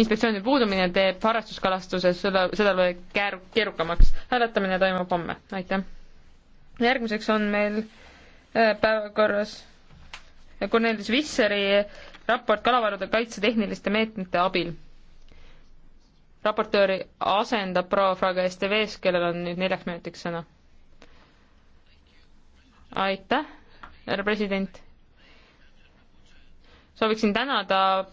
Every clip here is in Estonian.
inspektsioonide puudumine teeb harrastuskalastuses seda, seda keeru-, keerukamaks. hääletamine toimub homme, aitäh. järgmiseks on meil äh, päevakorras Cornelis Visseri raport kalavarude kaitse tehniliste meetmete abil. raportööri asendab proua Fraga STV-s, kellel on nüüd neljaks minutiks sõna. aitäh, härra president sooviksin tänada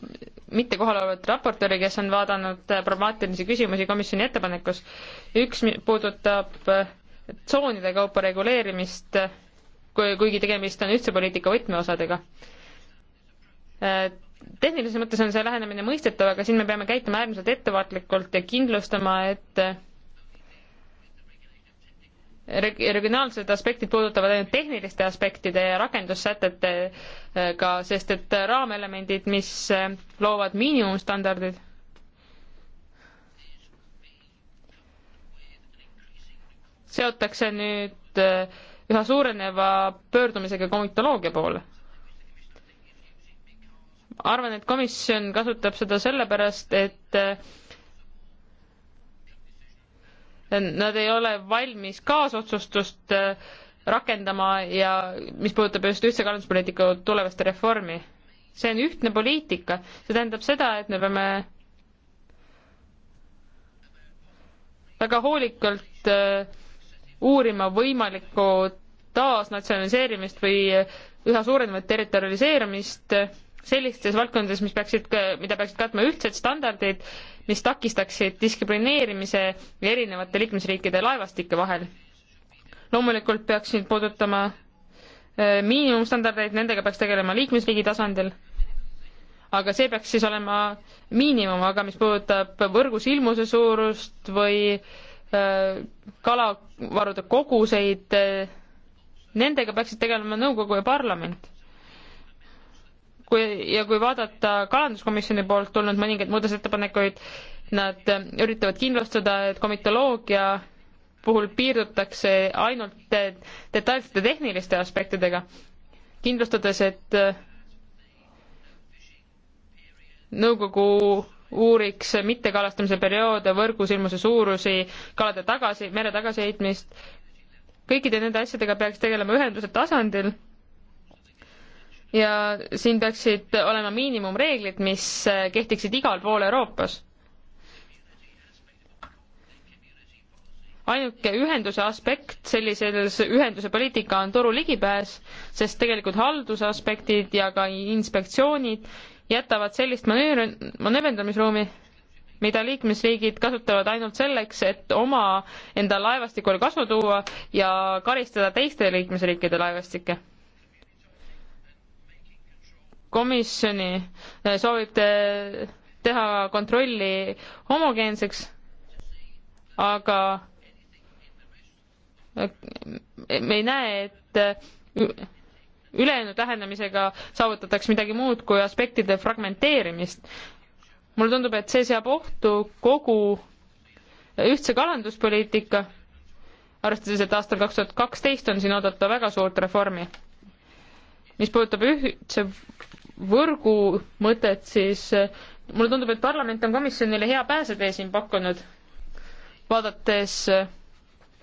mitte kohal olevat raportööri, kes on vaadanud äh, problemaatilisi küsimusi komisjoni ettepanekus. üks puudutab äh, tsoonide kaupa reguleerimist, äh, kuigi tegemist on ühtse poliitika võtmeosadega. tehnilises mõttes on see lähenemine mõistetav, aga siin me peame käituma äärmiselt ettevaatlikult ja kindlustama, et reg-, regionaalsed aspektid puudutavad ainult tehniliste aspektide ja rakendussätetega, äh, sest et raamelemendid, mis äh, loovad miinimumstandardid, seotakse nüüd äh, üha suureneva pöördumisega komitoloogia poole. arvan, et komisjon kasutab seda sellepärast, et nad ei ole valmis kaasotsustust äh, rakendama ja mis puudutab just ühtse kalanduspoliitika tulevaste reformi. see on ühtne poliitika, see tähendab seda, et me peame väga hoolikalt äh, uurima võimalikku taasnatsionaliseerimist või üha suurenevat territorialiseerimist sellistes valdkondades, mis peaksid, mida peaksid katma ühtsed standardid, mis takistaksid diskrimineerimise erinevate liikmesriikide laevastike vahel. loomulikult peaks siin puudutama äh, miinimumstandardeid, nendega peaks tegelema liikmesriigi tasandil, aga see peaks siis olema miinimum, aga mis puudutab võrgus ilmuse suurust või äh, kalavarude koguseid, äh, nendega peaksid tegelema nõukogu ja parlament kui, ja kui vaadata kalanduskomisjoni poolt tulnud mõningaid muudatusettepanekuid, nad üritavad kindlustada, et komitoloogia puhul piirdutakse ainult detailsete tehniliste aspektidega, kindlustades, et nõukogu uuriks mittekalastamise perioode, võrgusilmuse suurusi, kalade tagasi, mere tagasiheitmist, kõikide nende asjadega peaks tegelema ühenduse tasandil ja siin peaksid olema miinimumreeglid, mis kehtiksid igal pool Euroopas. ainuke ühenduse aspekt sellises ühenduse poliitika on turu ligipääs, sest tegelikult halduse aspektid ja ka inspektsioonid jätavad sellist manöör-, manööverdamisruumi, mida liikmesriigid kasutavad ainult selleks, et oma enda laevastikule kasu tuua ja karistada teiste liikmesriikide laevastikke komisjoni eh, soovib te teha kontrolli homogeenseks, aga eh, me ei näe, et eh, ülejäänud lähenemisega saavutatakse midagi muud kui aspektide fragmenteerimist. mulle tundub, et see seab ohtu kogu ühtse kalanduspoliitika, arvestades, et aastal kaks tuhat kaksteist on siin oodata väga suurt reformi. mis puudutab ühtse võrgu mõtet, siis eh, mulle tundub, et parlament on komisjonile hea pääsetee siin pakkunud, vaadates, eh,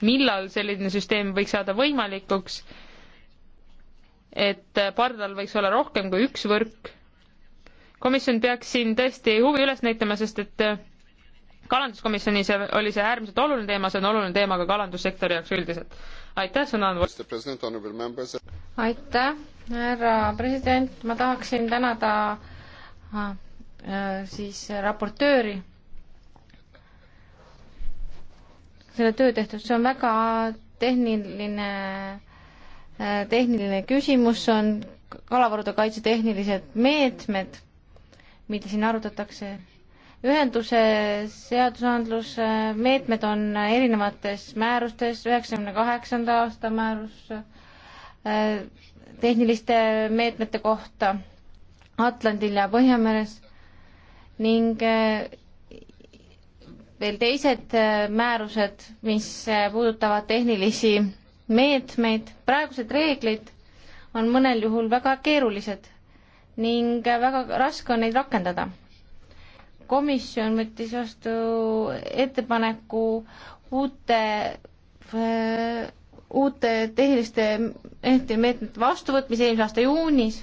millal selline süsteem võiks saada võimalikuks, et eh, pardal võiks olla rohkem kui üks võrk. komisjon peaks siin tõesti huvi üles näitama, sest et kalanduskomisjonis oli see äärmiselt oluline teema, see on oluline teema ka kalandussektori jaoks üldiselt. aitäh sõna andmast! aitäh, härra president, ma tahaksin tänada ah, äh, siis raportööri selle töö tehtud, see on väga tehniline, äh, tehniline küsimus, see on kalavarude kaitse tehnilised meetmed, mida siin arutatakse ühenduse seadusandluse meetmed on erinevates määrustes, üheksakümne kaheksanda aasta määrus tehniliste meetmete kohta Atlandil ja Põhjameres ning veel teised määrused, mis puudutavad tehnilisi meetmeid. praegused reeglid on mõnel juhul väga keerulised ning väga raske on neid rakendada komisjon võttis vastu ettepaneku uute, äh, uute tehniliste meetmete vastuvõtmise eelmise aasta juunis.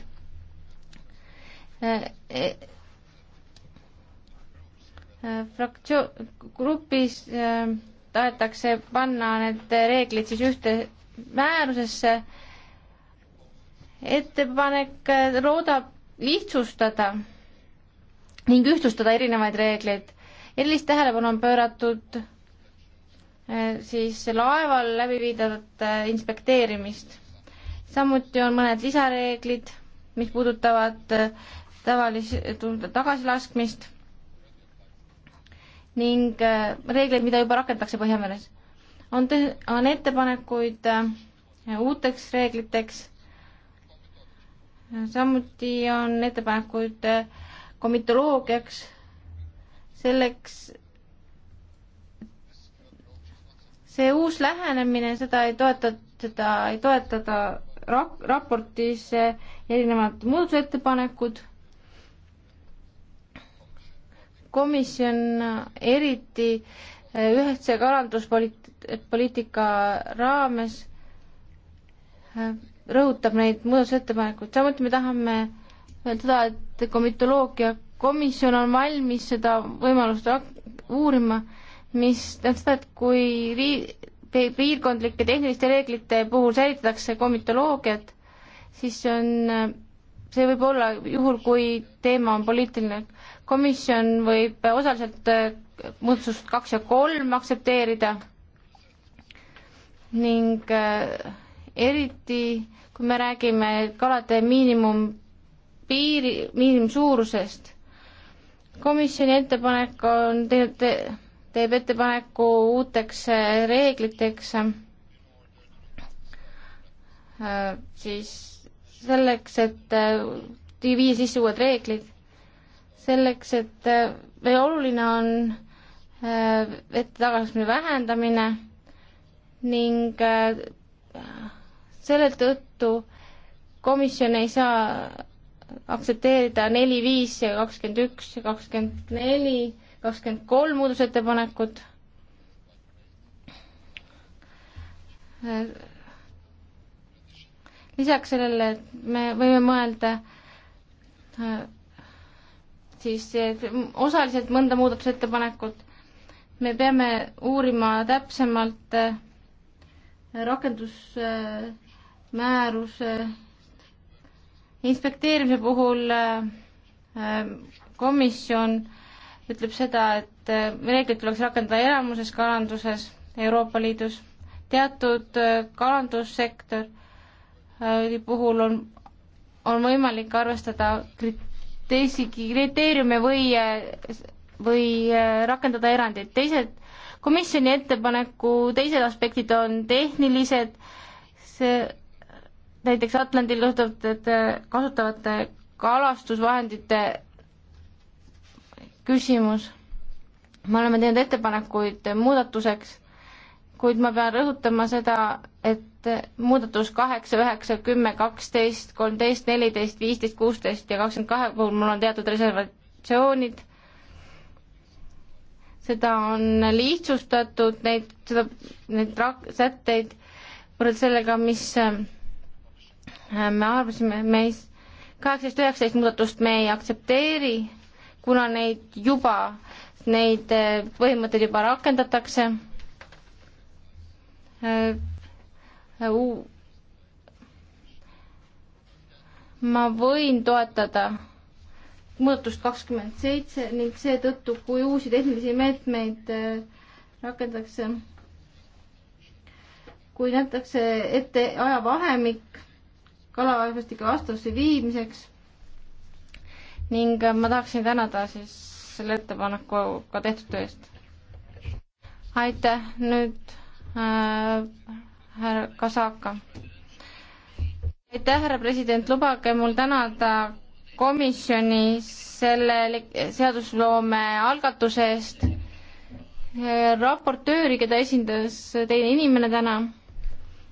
Äh, e, äh, fraktsioon, grupis tahetakse panna need reeglid siis ühte määrusesse. ettepanek loodab lihtsustada ning ühtlustada erinevaid reegleid. erilist tähelepanu on pööratud eh, siis laeval läbi viidavat inspekteerimist. samuti on mõned lisareeglid, mis puudutavad eh, tavalis-, tagasilaskmist ning eh, reegleid, mida juba rakendatakse Põhjameres. on te-, on ettepanekuid uuteks reegliteks, samuti on ettepanekuid äh, komitoloogiaks, selleks see uus lähenemine, seda ei toeta, seda ei toetada rak-, raportis erinevad muudatusettepanekud. komisjon eriti eh, ühtse kalanduspoliitika raames eh, rõhutab neid muudatusettepanekuid, samuti me tahame seda, et et komitoloogia komisjon on valmis seda võimalust uurima, mis tähendab seda, et kui rii-, piirkondlike tehniliste reeglite puhul säilitatakse komitoloogiat, siis see on, see võib olla juhul, kui teema on poliitiline. komisjon võib osaliselt äh, muudatust kaks ja kolm aktsepteerida ning äh, eriti kui me räägime kalade miinimum piiri, miinimumsuurusest. komisjoni ettepanek on te,, te, teeb ettepaneku uuteks äh, reegliteks äh, siis selleks, et äh, viia sisse uued reeglid, selleks, et või oluline on vette tagasiastumine vähendamine ning selle tõttu komisjon ei saa aktsepteerida neli, viis ja kakskümmend üks ja kakskümmend neli, kakskümmend kolm muudatusettepanekut. lisaks sellele, et me võime mõelda äh, siis osaliselt mõnda muudatusettepanekut, me peame uurima täpsemalt äh, rakendusmääruse inspekteerimise puhul äh, äh, komisjon ütleb seda, et äh, reeglid tuleks rakendada elamuses kalanduses Euroopa Liidus. teatud kalandussektor puhul on, on võimalik arvestada teisi kriteeriume või, või rakendada erandeid. teised, komisjoni ettepaneku teised aspektid on tehnilised, see näiteks Atlandil juhtuvate, äh, kasutavate kalastusvahendite küsimus. me oleme teinud ettepanekuid muudatuseks, kuid ma pean rõhutama seda, et muudatus kaheksa, üheksa, kümme, kaksteist, kolmteist, neliteist, viisteist, kuusteist ja kakskümmend kahe puhul mul on teatud reservatsioonid. seda on lihtsustatud, neid, seda, neid sätteid võrreldes sellega, mis äh, me arvasime, meis kaheksateist, üheksateist muudatust me ei aktsepteeri, kuna neid juba, neid eh, põhimõtteid juba rakendatakse. Eh, eh, ma võin toetada muudatust kakskümmend seitse ning seetõttu, kui uusi tehnilisi meetmeid rakendatakse, kui nähtakse ette ajavahemik kalalaevastike vastavusse viimiseks. ning äh, ma tahaksin tänada siis selle ettepanekuga tehtud töö eest. aitäh, nüüd äh, härra Kasaka. aitäh, härra president, lubage mul tänada komisjoni selle seadusloome algatuse eest raportööri, keda esindas teine inimene täna,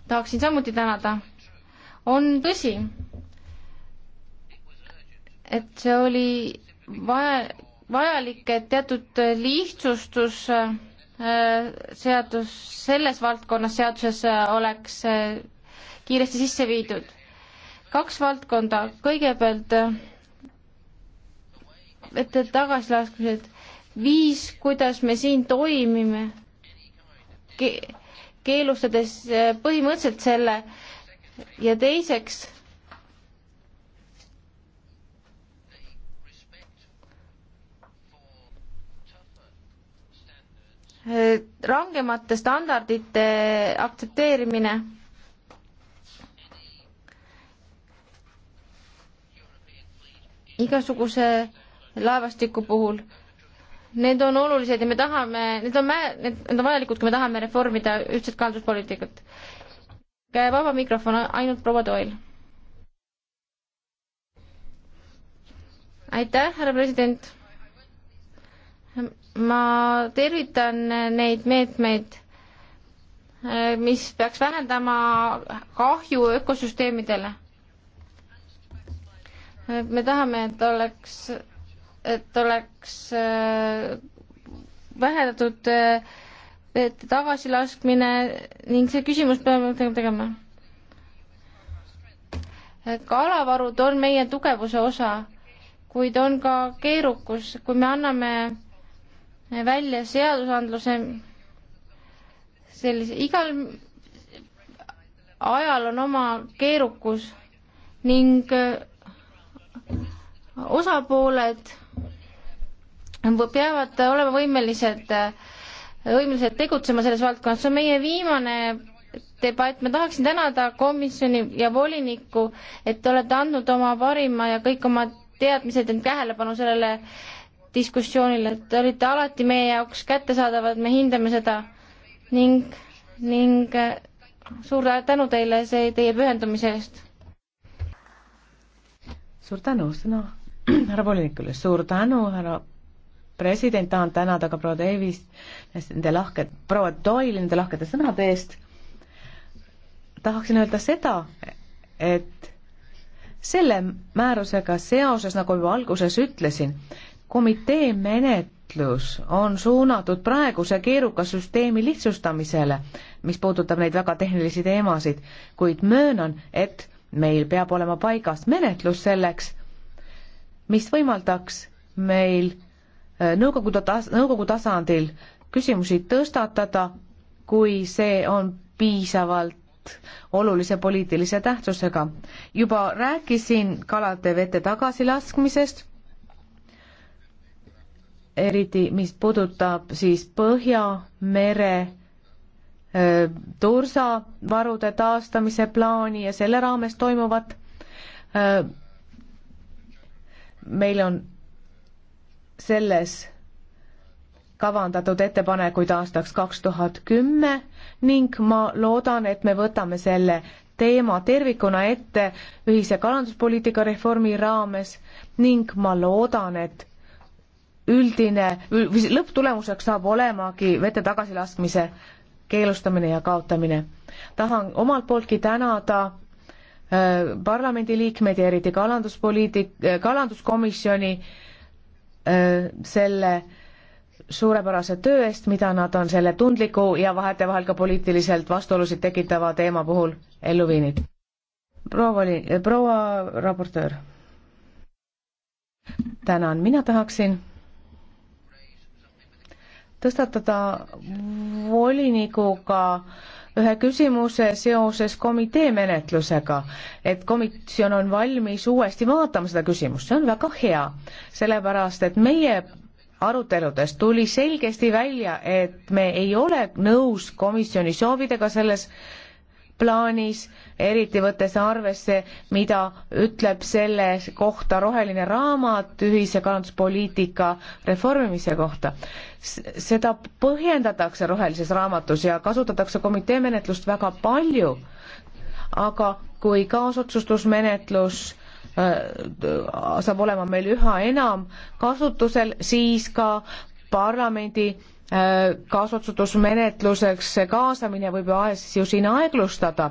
tahaksin samuti tänada on tõsi, et see oli vaja, vajalik, et teatud lihtsustus äh, seadus, selles valdkonnas seaduses äh, oleks äh, kiiresti sisse viidud. kaks valdkonda, kõigepealt et tagasilaskmised, viis, kuidas me siin toimime ke, keelustades põhimõtteliselt selle äh, ja teiseks, rangemate standardite aktsepteerimine. igasuguse laevastiku puhul need on olulised ja me tahame, need on, need on vajalikud, kui me tahame reformida ühtset kalanduspoliitikat vaba mikrofon ainult proua Toil. aitäh, härra president. ma tervitan neid meetmeid, mis peaks vähendama kahju ökosüsteemidele. me tahame, et oleks, et oleks äh, vähendatud äh, tagasilaskmine ning see küsimus peame tegema. kalavarud on meie tugevuse osa, kuid on ka keerukus, kui me anname välja seadusandluse sellise, igal ajal on oma keerukus ning osapooled peavad olema võimelised äh, võimelised tegutsema selles valdkonnas, see on meie viimane debatt, ma tahaksin tänada komisjoni ja volinikku, et te olete andnud oma parima ja kõik oma teadmised ja tähelepanu sellele diskussioonile, et te olite alati meie jaoks kättesaadavad, me hindame seda ning, ning suur tänu teile see, teie pühendumise eest. suur tänu, sõna härra volinikule, suur tänu, härra president, tahan tänada ka proua Davis nende lahke, proua Doyle'i nende lahkete sõnade eest. tahaksin öelda seda, et selle määrusega seoses, nagu juba alguses ütlesin, komitee menetlus on suunatud praeguse keeruka süsteemi lihtsustamisele, mis puudutab neid väga tehnilisi teemasid, kuid möönan, et meil peab olema paigas menetlus selleks, mis võimaldaks meil nõukogude tas-, nõukogu tasandil küsimusi tõstatada, kui see on piisavalt olulise poliitilise tähtsusega. juba rääkisin kalade vette tagasilaskmisest, eriti mis puudutab siis Põhjamere tursavarude taastamise plaani ja selle raames toimuvat. meil on selles kavandatud ettepanekuid aastaks kaks tuhat kümme ning ma loodan, et me võtame selle teema tervikuna ette ühise kalanduspoliitika reformi raames ning ma loodan, et üldine, lõpptulemuseks saab olemagi vete tagasilaskmise keelustamine ja kaotamine. tahan omalt pooltki tänada äh, parlamendiliikmeid ja eriti kalanduspoliitik-, kalanduskomisjoni äh, selle suurepärase töö eest, mida nad on selle tundliku ja vahetevahel ka poliitiliselt vastuolusid tekitava teema puhul ellu viinud. proua voli-, proua raportöör. tänan, mina tahaksin tõstatada volinikuga äh, ühe küsimuse seoses komitee menetlusega, et komisjon on valmis uuesti vaatama seda küsimust, see on väga hea, sellepärast et meie aruteludes tuli selgesti välja, et me ei ole nõus komisjoni soovidega selles äh, plaanis, eriti võttes arvesse, mida ütleb selle kohta roheline raamat ühise kalanduspoliitika reformimise kohta. seda põhjendatakse rohelises raamatus ja kasutatakse komitee menetlust väga palju, aga kui kaasotsustusmenetlus äh, saab olema meil üha enam kasutusel, siis ka parlamendi kaasotsustusmenetluseks kaasamine võib ju siin aeglustada.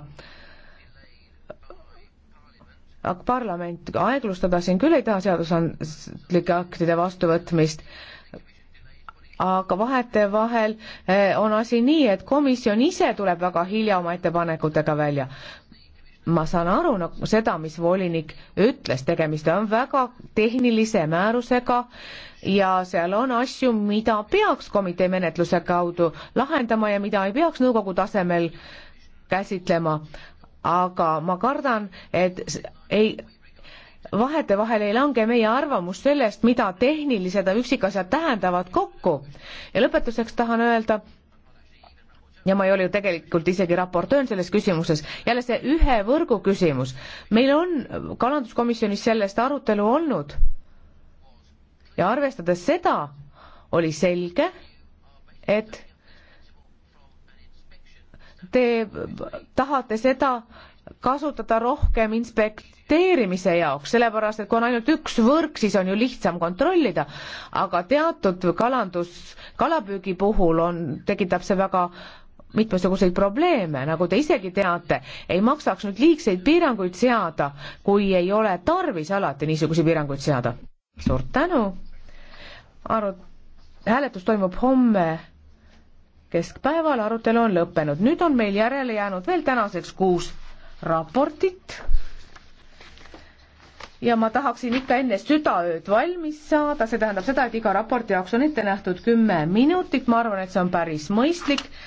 aga parlament aeglustada siin küll ei taha seadusandlike aktide vastuvõtmist aga vahetevahel eh, on asi nii, et komisjon ise tuleb väga hilja oma ettepanekutega välja ma saan aru nagu seda, mis volinik ütles, tegemist on väga tehnilise määrusega ja seal on asju, mida peaks komitee menetluse kaudu lahendama ja mida ei peaks nõukogu tasemel käsitlema. aga ma kardan, et ei, vahetevahel ei lange meie arvamus sellest, mida tehnilised üksikasjad tähendavad kokku. ja lõpetuseks tahan öelda, ja ma ei ole ju tegelikult isegi raportöör selles küsimuses, jälle see ühe võrgu küsimus. meil on kalanduskomisjonis sellest arutelu olnud ja arvestades seda, oli selge, et te tahate seda kasutada rohkem inspekteerimise jaoks, sellepärast et kui on ainult üks võrk, siis on ju lihtsam kontrollida, aga teatud kalandus, kalapüügi puhul on, tekitab see väga mitmesuguseid probleeme, nagu te isegi teate, ei maksaks nüüd liigseid piiranguid seada, kui ei ole tarvis alati niisuguseid piiranguid seada. suur tänu, arut-, hääletus toimub homme keskpäeval, arutelu on lõppenud, nüüd on meil järele jäänud veel tänaseks kuus raportit ja ma tahaksin ikka enne südaööd valmis saada, see tähendab seda, et iga raporti jaoks on ette nähtud kümme minutit, ma arvan, et see on päris mõistlik.